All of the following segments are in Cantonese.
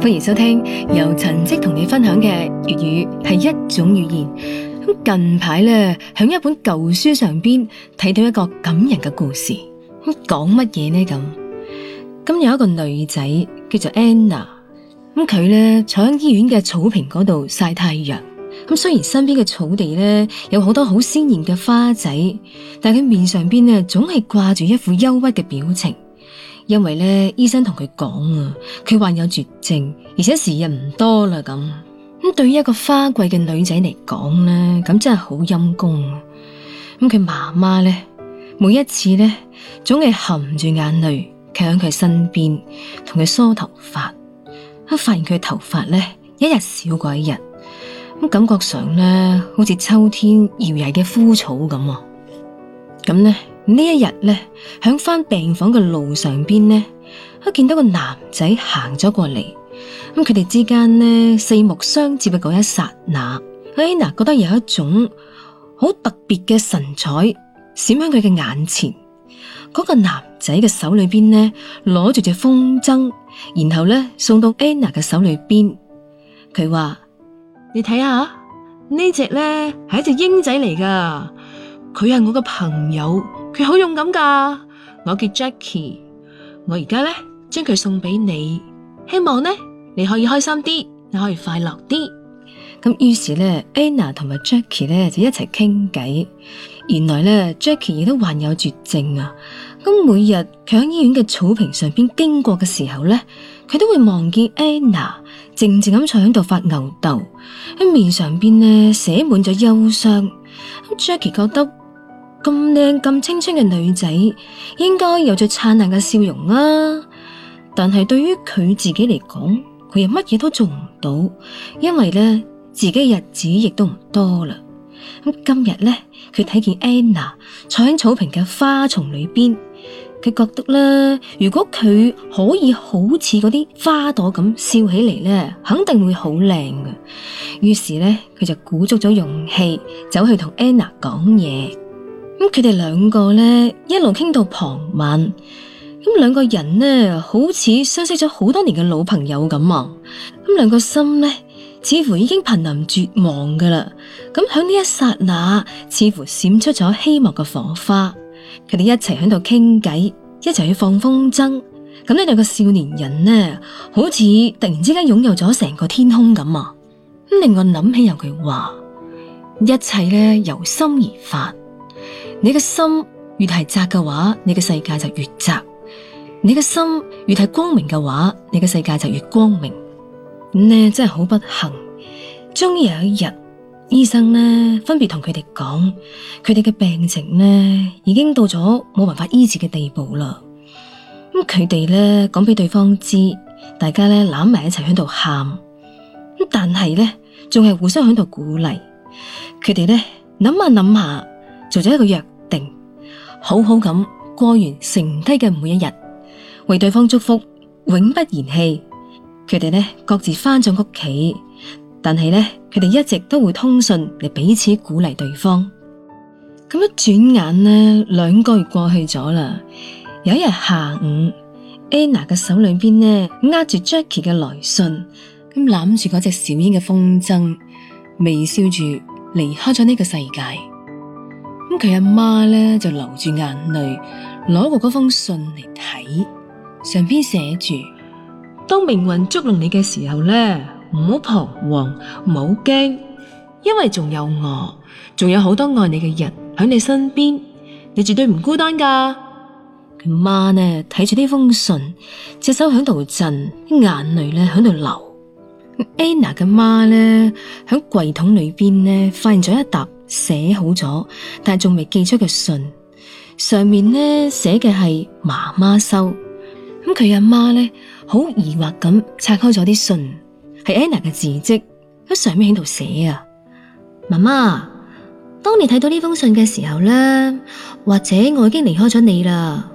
歡迎收聽由陳迹同你分享嘅粵語係一種語言。咁近排呢，喺一本舊書上邊睇到一個感人嘅故事，講乜嘢呢？咁咁有一個女仔叫做 Anna，咁佢呢坐喺醫院嘅草坪嗰度曬太陽。咁雖然身邊嘅草地呢有好多好鮮艷嘅花仔，但係佢面上邊呢總係掛住一副憂鬱嘅表情。因為咧，醫生同佢講啊，佢患有絕症，而且時日唔多啦咁。咁、嗯、對於一個花季嘅女仔嚟講咧，咁真係好陰功啊！咁、嗯、佢媽媽咧，每一次咧，總係含住眼淚企喺佢身邊，同佢梳頭髮，啊，發現佢頭髮咧，一日少過一日，咁感覺上咧，好似秋天搖曳嘅枯草咁啊！咁咧。呢一日咧，響翻病房嘅路上邊咧，佢見到一個男仔行咗過嚟，咁佢哋之間呢，四目相接嘅嗰一剎那，安娜覺得有一種好特別嘅神采閃喺佢嘅眼前。嗰、嗰個男仔嘅手裏邊呢，攞住隻風箏，然後呢，送到安娜嘅手裏邊，佢話：你睇下呢隻呢，係一隻鷹仔嚟㗎，佢係我嘅朋友。佢好勇敢㗎，我叫 Jackie，我而家呢，將佢送俾你，希望呢，你可以開心啲，你可以快樂啲。咁於是呢 Anna 同埋 Jackie 咧就一齊傾偈。原來呢 Jackie 亦都患有絕症啊。咁每日佢喺醫院嘅草坪上面經過嘅時候呢，佢都會望見 Anna 靜靜咁坐喺度發牛豆，喺面上邊咧寫滿咗憂傷。咁 Jackie 覺得。咁靚咁青春嘅女仔，應該有着燦爛嘅笑容啊！但係對於佢自己嚟講，佢又乜嘢都做唔到，因為呢，自己的日子亦都唔多啦。今日咧，佢睇見 Anna 坐喺草坪嘅花叢裏邊，佢覺得咧，如果佢可以好似嗰啲花朵咁笑起嚟咧，肯定會好靚嘅。於是咧，佢就鼓足咗勇氣走去同 Anna 講嘢。咁佢哋兩個咧，一路傾到傍晚。咁兩個人咧，好似相識咗好多年嘅老朋友咁啊。咁兩個心咧，似乎已經瀕臨絕望㗎喇。咁響呢一剎那，似乎閃出咗希望嘅火花。佢哋一齊響度傾偈，一齊去放風箏。咁呢兩個少年人咧，好似突然之間擁有咗成個天空咁啊。咁令我諗起有句話：一切咧由心而發。你嘅心越係窄嘅話，你嘅世界就越窄；你嘅心越係光明嘅話，你嘅世界就越光明。咁、嗯、真係好不幸，終於有一日，醫生咧分別同佢哋講，佢哋嘅病情咧已經到咗冇辦法醫治嘅地步啦。咁佢哋咧講俾對方知，大家咧攬埋一齊喺度喊，咁但係咧仲係互相喺度鼓勵。佢哋咧諗下諗下，做咗一個約定。好好咁過完剩低嘅每一日，為對方祝福，永不言棄。佢哋咧各自翻咗屋企，但係咧佢哋一直都會通訊嚟彼此鼓勵對方。咁一轉眼咧，兩個月過去咗啦。有一日下午，Anna 嘅手裏邊咧握住 Jackie 嘅來信，咁攬住嗰隻小鷹嘅風箏，微笑住離開咗呢個世界。咁佢阿媽咧就流住眼淚，攞過嗰封信嚟睇，上邊寫住：當命運捉弄你嘅時候咧，唔好彷徨，唔好驚，因為仲有我，仲有好多愛你嘅人喺你身邊，你絕對唔孤單㗎。佢媽呢，睇住呢封信，隻手喺度震，眼淚咧喺度流。Anna 嘅媽呢，喺櫃桶裏邊咧發現咗一沓。寫好咗，但係仲未寄出嘅信，上面呢寫嘅係媽媽收。咁佢阿媽呢好疑惑咁拆開咗啲信，係安娜嘅字跡，喺上面喺度寫啊。媽媽，當你睇到呢封信嘅時候呢，或者我已經離開咗你啦，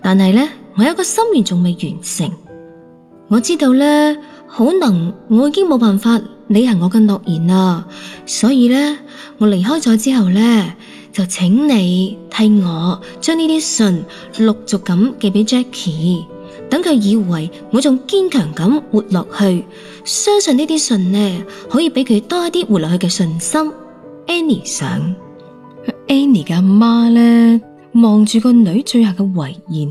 但係呢，我有一個心願仲未完成。我知道呢，可能我已經冇辦法。你係我嘅諾言啦，所以呢，我離開咗之後呢，就請你替我將呢啲信陸續咁寄俾 Jackie，等佢以為我仲堅強咁活落去，相信呢啲信呢可以俾佢多一啲活落去嘅信心。Annie 想，Annie 嘅阿媽呢望住個女最後嘅遺言，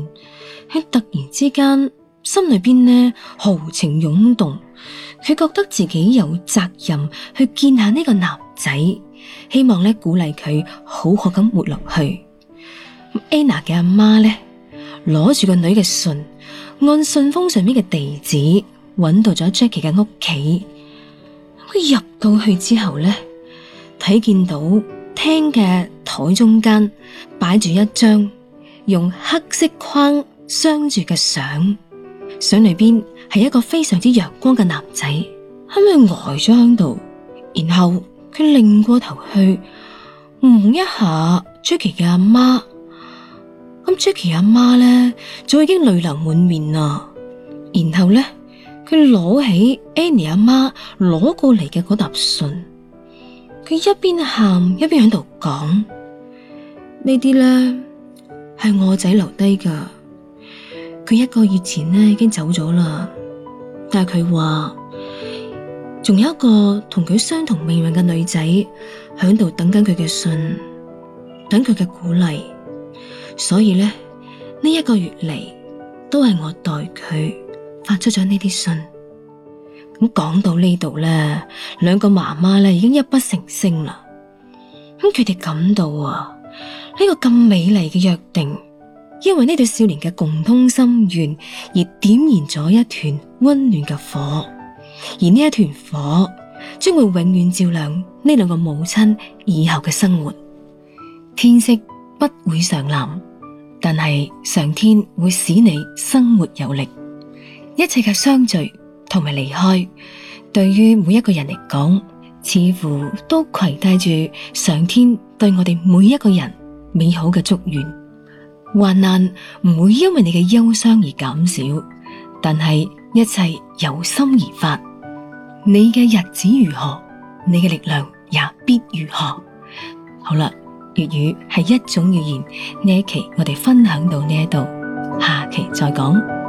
喺突然之間，心裏邊呢豪情湧動。佢覺得自己有責任去見下呢個男仔，希望咧鼓勵佢好好咁活落去。Anna 嘅阿媽咧，攞住個女嘅信，按信封上面嘅地址揾到咗 Jackie 嘅屋企。佢入到去之後咧，睇見到廳嘅台中間擺住一張用黑色框鑲住嘅相，相裏邊。係一個非常之陽光嘅男仔，喺度呆咗喺度，然後佢擰過頭去，望一下 Jackie 嘅阿媽，咁 Jackie 阿媽呢就已經淚流滿面啦。然後呢，佢攞起 Annie 阿媽攞過嚟嘅嗰沓信，佢一邊喊一邊喺度講：呢啲呢係我仔留低㗎，佢一個月前呢已經走咗啦。但係佢話，仲有一個同佢相同命運嘅女仔喺度等緊佢嘅信，等佢嘅鼓勵。所以咧，呢一個月嚟，都係我代佢發出咗呢啲信。咁講到呢度咧，兩個媽媽已經泣不成聲啦。咁佢哋感到啊，呢個咁美麗嘅約定。因為呢對少年嘅共通心願而點燃咗一團溫暖嘅火，而呢一團火將會永遠照亮呢兩個母親以後嘅生活。天色不會上藍，但係上天會使你生活有力。一切嘅相聚同埋離開，對於每一個人嚟講，似乎都攜帶住上天對我哋每一個人美好嘅祝願。患難唔會因為你嘅憂傷而減少，但係一切由心而發。你嘅日子如何，你嘅力量也必如何。好啦，粵語係一種語言，呢一期我哋分享到呢度，下期再講。